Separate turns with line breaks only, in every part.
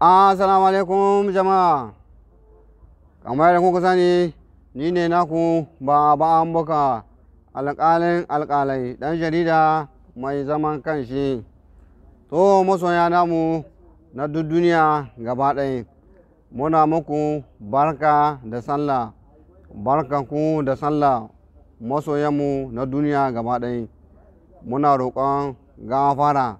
Assalamu alaikum jama'a kamar da kuka sani ni ne naku baba baka alƙalin alƙalai ɗan jarida mai zaman kanshi to masoya namu na duk duniya gaba ɗaya muna muku barka da sallah ku da sallah masoyanmu na duniya gaba ɗaya muna roƙon gafara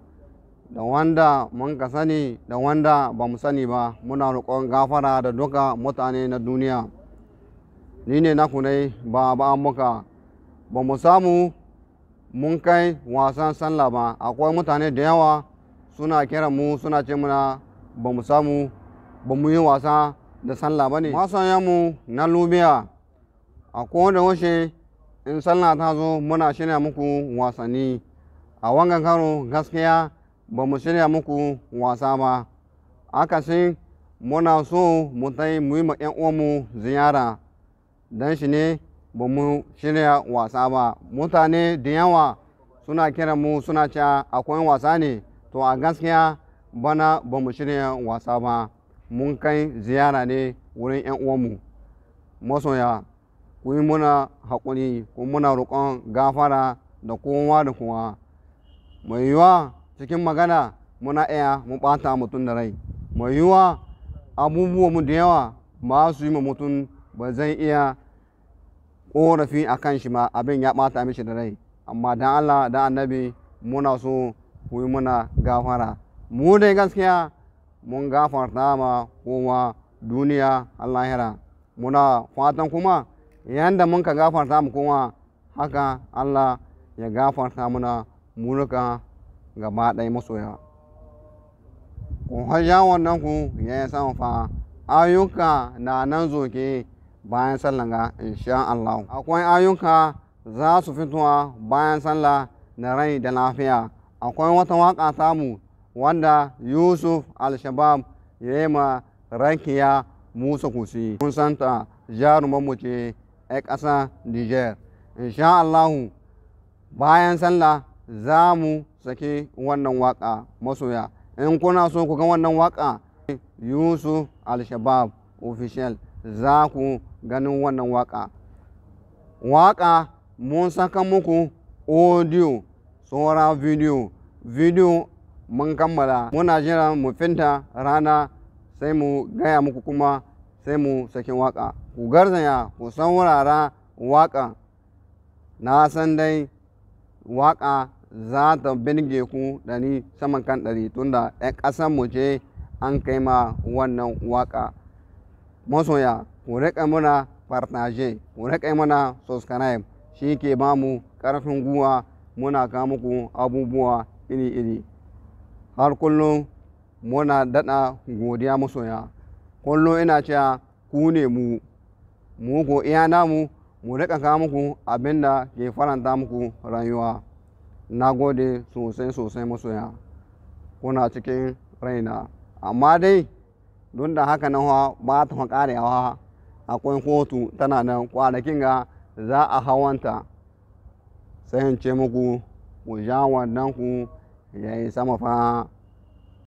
da wanda mun ka sani da wanda ba mu sani ba muna roƙon gafara da duka mutane na duniya ni ne na ne ba ba muka ba mu samu mun kai wasan sallah ba akwai mutane da yawa suna kiran mu suna ce muna ba mu samu ba mu yi wasa da sallah ba ne mu na lubiya a kowane washe in sallah ta zo muna shirya muku wasanni a wangan karo gaskiya ba mu shirya muku wasa ba akasin muna so mu tai mu yi ma 'yan ziyara don shi ne ba mu shirya wasa ba mutane da yawa suna kira mu suna cewa akwai wasa ne to a gaskiya bana ba mu shirya wasa ba mun kai ziyara ne wurin 'yan mu masoya ku yi muna haƙuri ku muna roƙon gafara da kowa da kowa mai yiwuwa cikin magana muna iya mu ɓata mutum da rai mai yiwuwa abubuwa mu da yawa ma su yi mutum ba zai iya ƙorafi a kan shi ma abin ya ɓata mishi da rai amma dan Allah da annabi muna so ku yi muna gafara mu dai gaskiya mun gafarta ma kowa duniya allahira muna fatan kuma yanda mun ka gafarta mu kowa haka Allah ya gafarta muna munuka gaba ɗaya masoya kuhayya wannan ku ya yi samun fa ayyuka na nan zoke bayan sallan ga insha Allah akwai ayyuka za su fitowa bayan sallah na rai da lafiya akwai wata waka samu wanda yusuf al-shabab ya yi ma rankiya musa kusi kun santa jaruman mu ce a ƙasa niger insha Allah bayan sallah za mu Sake wannan waka masoya in kuna so ku ga wannan waka yusuf al-shabab official za ku ganin wannan waka waka mun saka muku audio tsora video video mun kammala muna jiran mu finta rana sai mu gaya muku kuma sai mu sake waka ku garzaya ku saurara waka na san dai waka za ta binge ku ɗari saman kan ɗari tunda ɗan ƙasar mu ce an kai ma wannan waƙa masoya ku riƙa muna partage ku riƙa muna subscribe shi ke ba mu ƙarfin guwa muna kawo muku abubuwa iri-iri har kullum muna daɗa godiya masoya kullum ina cewa ku ne mu mu ko iya namu mu riƙa kawo muku abin ke faranta muku rayuwa na gode sosai sosai masoya kuna cikin raina amma dai don da haka nan ba ta karewa akwai kotu tana nan kwanakin ga za a hawanta sai in ce muku ku ja wannan ku ya yi sama fa